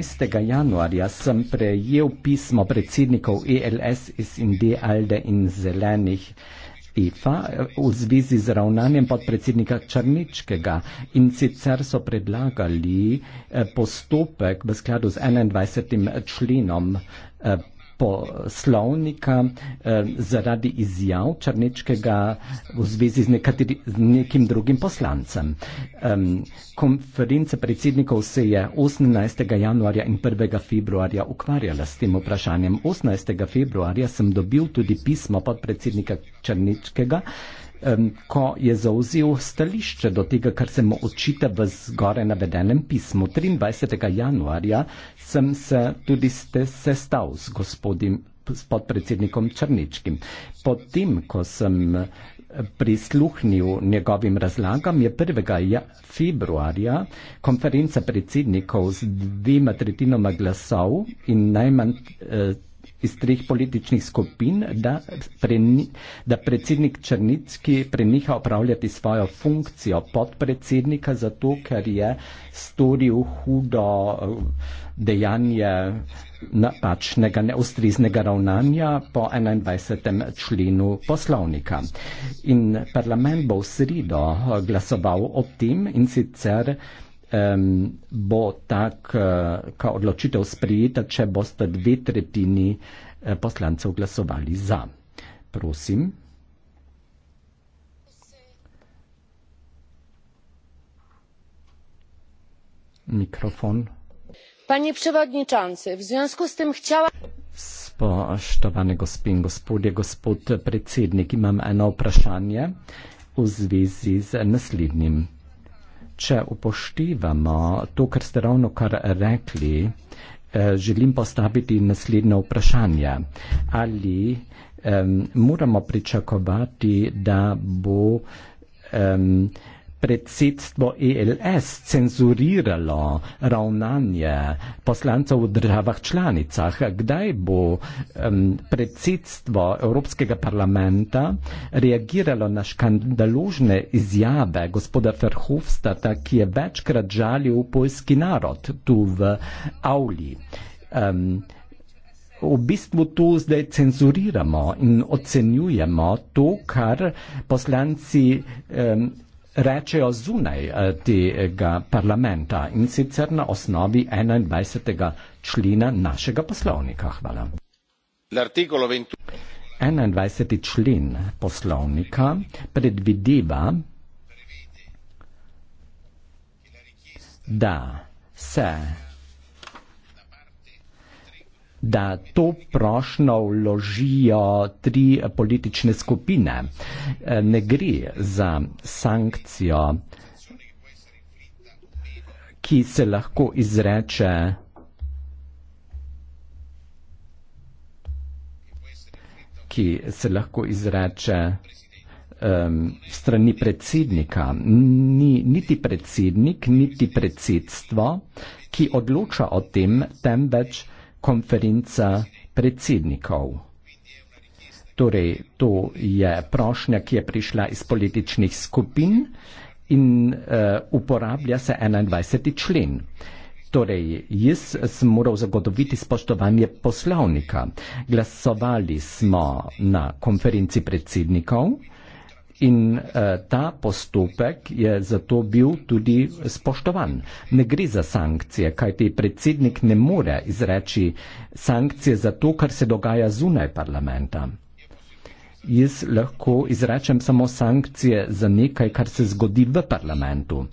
11. januarja sem prejel pismo predsednikov ELS, SND, ALDE in Zelenih EFA v zvezi z ravnanjem podpredsednika Črničkega in sicer so predlagali eh, postopek v skladu z 21. členom eh, poslovnika eh, zaradi izjav Črnečkega v zvezi z, nekateri, z nekim drugim poslancem. Eh, konference predsednikov se je 18. januarja in 1. februarja ukvarjala s tem vprašanjem. 18. februarja sem dobil tudi pismo podpredsednika Črnečkega, eh, ko je zauzel stališče do tega, kar se mu očita v zgore navedenem pismu. 23. januarja sem se tudi ste sestal s gospodim s podpredsednikom Črničkim. Potem, ko sem eh, prisluhnil njegovim razlagam, je 1. Ja, februarja konferenca predsednikov z dvema tretjinama glasov in najmanj eh, iz treh političnih skupin, da, pre, da predsednik Črnitski preniha opravljati svojo funkcijo podpredsednika, zato ker je storil hudo eh, dejanje napačnega, neustriznega ravnanja po 21. členu poslovnika. In parlament bo v sredo eh, glasoval o tem in sicer um, bo taka eh, uh, odločitev sprejeta, če boste dve tretjini uh, poslancev glasovali za. Prosim. Mikrofon. Panie przewodniczący, w związku z tym chciała. Spoštovane gospe in gospodje, gospod predsednik, imam eno vprašanje v zvezi z naslednjim če upoštevamo to, kar ste ravno kar rekli, eh, želim postaviti naslednje vprašanje. Ali um, moramo pričakovati, da bo um, predsedstvo ELS cenzuriralo ravnanje poslancev v državah članicah? Kdaj bo um, predsedstvo Evropskega parlamenta reagiralo na škandaložne izjave gospoda Ferhofstata, ki je večkrat žalil polski narod tu v Avli? Um, V bistvu to zdaj cenzuriramo in ocenjujemo to, kar poslanci um, rečejo zunaj eh, tega parlamenta in sicer na osnovi 21. člena našega poslovnika. Hvala. 21. člen poslovnika predvideva, da se da to prošno vložijo tri politične skupine. E, ne gre za sankcijo, ki se lahko izreče ki se lahko izreče um, strani predsednika. Ni, niti predsednik, niti predsedstvo, ki odloča o tem, temveč konferenca predsednikov. Torej, to je prošnja, ki je prišla iz političnih skupin in uh, uporablja se 21. člen. Torej, jaz sem moral zagotoviti spoštovanje poslovnika. Glasovali smo na konferenci predsednikov. In uh, ta postopek je zato bil tudi spoštovan. Ne gre za sankcije, kajti predsednik ne more izreči sankcije za to, kar se dogaja zunaj parlamenta. Jaz lahko izrečem samo sankcije za nekaj, kar se zgodi v parlamentu.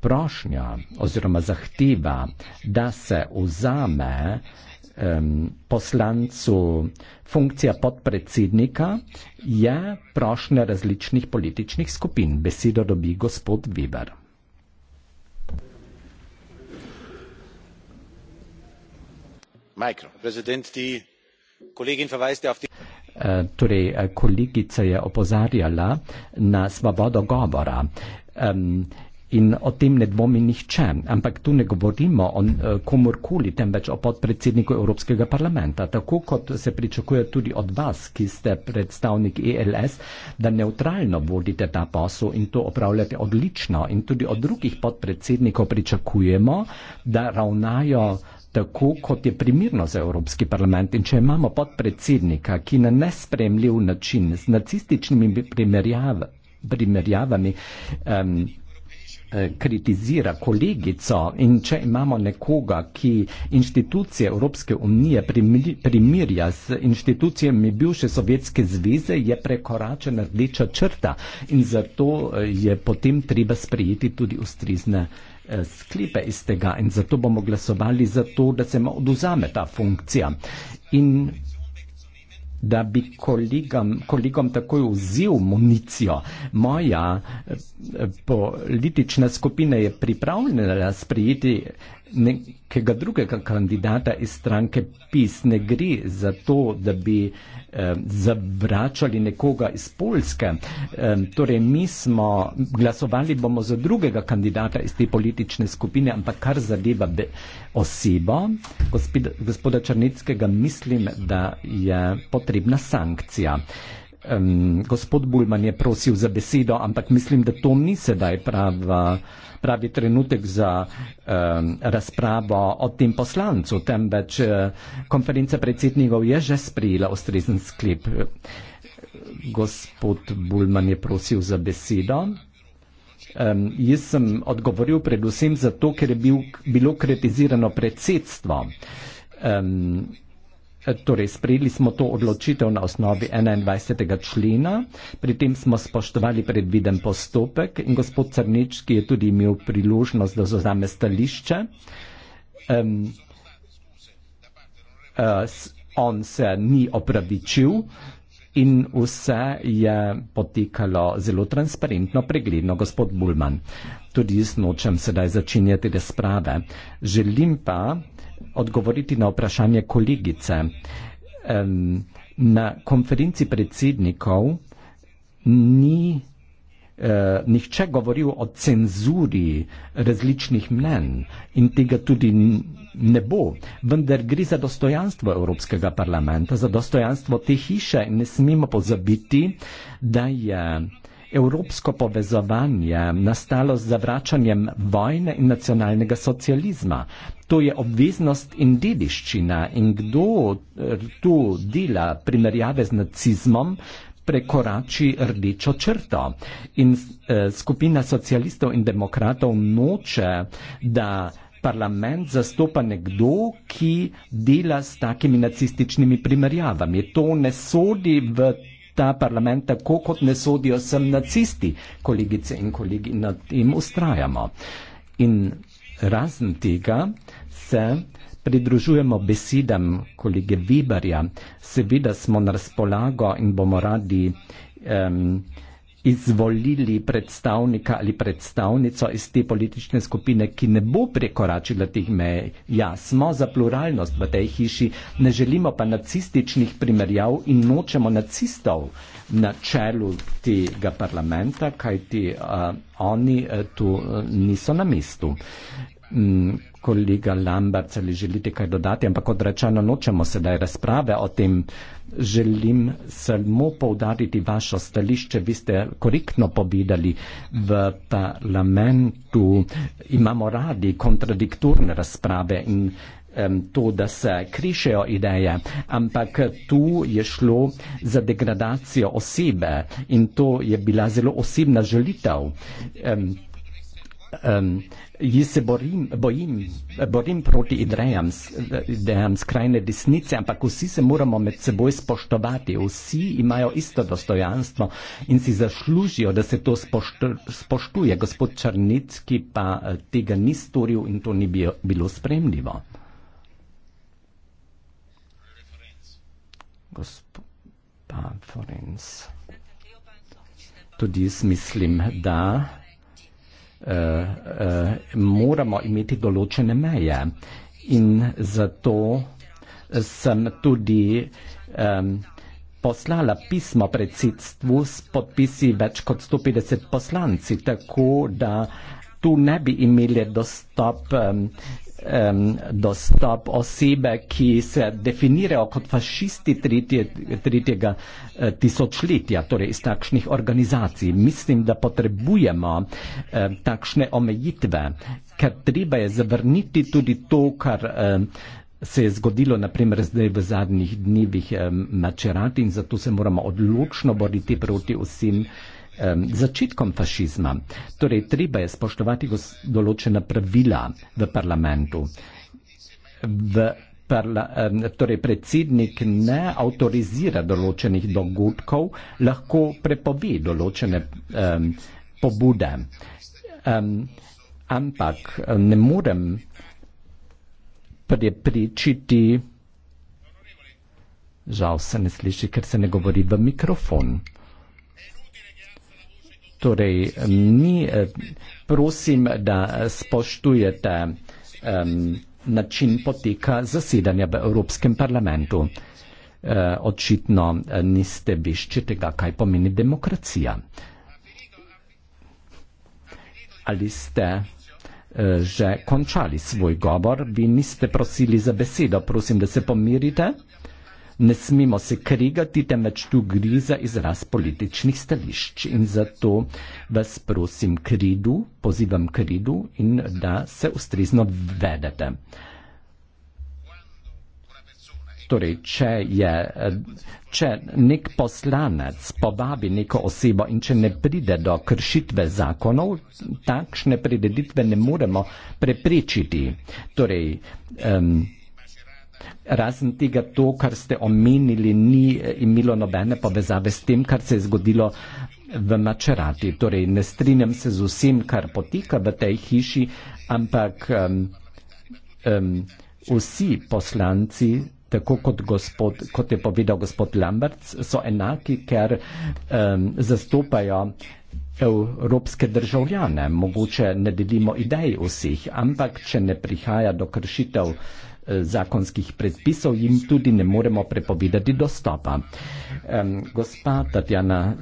Prošnja oziroma zahteva, da se vzame uh, um, poslancu funkcija podpredsednika, je prošnja različnih političnih skupin. Besedo dobi gospod Weber. E, torej, e, kolegica je opozarjala na svobodo govora. Um, in o tem ne dvomi nihče. Ampak tu ne govorimo o eh, komorkoli, temveč o podpredsedniku Evropskega parlamenta. Tako kot se pričakuje tudi od vas, ki ste predstavnik ELS, da neutralno vodite ta posel in to opravljate odlično. In tudi od drugih podpredsednikov pričakujemo, da ravnajo tako, kot je primirno za Evropski parlament. In če imamo podpredsednika, ki na nespremljiv način z nacističnimi primerjav, primerjavami. Um, Eh, kritizira kolegico in če imamo nekoga, ki inštitucije Evropske unije primirja s inštitucijami bivše Sovjetske zveze, je prekoračena rdeča črta in zato eh, je potem treba sprejeti tudi ustrizne eh, sklepe iz tega in zato bomo glasovali za to, da se mu oduzame ta funkcija. In da bi kolegom, kolegom takoj vzel municijo. Moja eh, politična skupina je pripravljena sprejeti nekega drugega kandidata iz stranke PIS. Ne gre za to, da bi eh, zavračali nekoga iz Polske. Eh, torej, mi smo glasovali bomo za drugega kandidata iz te politične skupine, ampak kar zadeva be, osebo, gospoda Črneckega, mislim, da je potrebna sankcija. Eh, um, gospod Bulman je prosil za besedo, ampak mislim, da to ni sedaj prava, pravi trenutek za um, razpravo o tem poslancu, temveč uh, konferenca predsednikov je že sprejela ustrezen sklep. Gospod Bulman je prosil za besedo. Um, jaz sem odgovoril predvsem zato, ker je bil, bilo kritizirano predsedstvo. Um, Torej, sprejeli smo to odločitev na osnovi 21. člena, pri tem smo spoštovali predviden postopek in gospod Crnič, ki je tudi imel priložnost, da zozame stališče, um, uh, on se ni opravičil, in vse je potekalo zelo transparentno, pregledno, gospod Bulman. Tudi jaz nočem sedaj začenjati razprave. Želim pa odgovoriti na vprašanje kolegice. Na konferenci predsednikov ni eh, nihče govoril o cenzuri različnih mnen in tega tudi ne bo. Vendar gre za dostojanstvo Evropskega parlamenta, za dostojanstvo te hiše in ne smemo pozabiti, da je evropsko povezovanje nastalo z zavračanjem vojne in nacionalnega socializma. To je obveznost in dediščina in kdo eh, tu dela primerjave z nacizmom, prekorači rdečo črto. In eh, skupina socialistov in demokratov noče, da parlament zastopa nekdo, ki dela s takimi nacističnimi primerjavami. To ne sodi v ta parlament, tako kot ne sodijo sem nacisti, kolegice in kolegi, nad tem ustrajamo. In razen tega se pridružujemo besedam kolege Vibarja. Seveda smo na razpolago in bomo radi um, izvolili predstavnika ali predstavnico iz te politične skupine, ki ne bo prekoračila teh mej. Ja, smo za pluralnost v tej hiši, ne želimo pa nacističnih primerjav in nočemo nacistov na čelu tega parlamenta, kajti uh, oni uh, tu uh, niso na mestu. Mm, kolega Lambert, ali želite kaj dodati, ampak od rečeno nočemo sedaj razprave o tem. Želim samo povdariti vašo stališče. Vi ste korektno povedali v parlamentu. Imamo radi kontradiktorne razprave in to, da se krišejo ideje, ampak tu je šlo za degradacijo osebe in to je bila zelo osebna želitev um, ehm, ji se borim, bojim, borim proti idejam, idejam skrajne desnice, ampak vsi se moramo med seboj spoštovati, vsi imajo isto dostojanstvo in si zaslužijo, da se to spošto, spoštuje. Gospod Črnitski pa eh, tega ni storil in to ni bilo, bilo spremljivo. Gospod Forens. Tudi jaz mislim, da. Eh, eh, moramo imeti določene meje. In zato sem tudi um, poslala pismo predsedstvu s podpisi več kot 150 poslanci, tako da tu ne bi imeli dostop, um, um, dostop osebe, ki se definirajo kot fašisti tretje, tretjega uh, tisočletja, torej iz takšnih organizacij. Mislim, da potrebujemo uh, takšne omejitve, ker treba je zavrniti tudi to, kar. Uh, se je zgodilo naprimer zdaj v zadnjih dnevih eh, mačerati in zato se moramo odločno boriti proti vsem eh, začetkom fašizma. Torej, treba je spoštovati določena pravila v parlamentu. V parla, torej, predsednik ne avtorizira določenih dogodkov, lahko prepove določene um, pobude. Um, ampak ne morem prepričiti, žal se ne sliši, ker se ne govori v mikrofon. Torej, mi eh, prosim, da spoštujete um, način poteka zasedanja v Evropskem parlamentu. E, očitno eh, niste višče tega, kaj pomeni demokracija. Ali ste e, že končali svoj govor? Vi niste prosili za besedo. Prosim, da se pomirite. E, ne smemo se krigati, temveč tu griza izraz političnih stališč. In zato vas prosim kridu, pozivam kridu in da se ustrezno vedete. Torej, če, je, če nek poslanec povabi neko osebo in če ne pride do kršitve zakonov, takšne prededitve ne moremo preprečiti. Torej, um, Razen tega, to, kar ste omenili, ni eh, imelo nobene povezave s tem, kar se je zgodilo v Mačerati. Torej, ne strinjam se z vsem, kar poteka v tej hiši, ampak um, um, vsi poslanci, tako kot, gospod, kot je povedal gospod Lambert, so enaki, ker um, zastopajo evropske državljane. Mogoče ne delimo idej vseh, ampak če ne prihaja do kršitev zakonskih predpisov jim tudi ne moremo prepovedati dostopa. Gospa Tatjana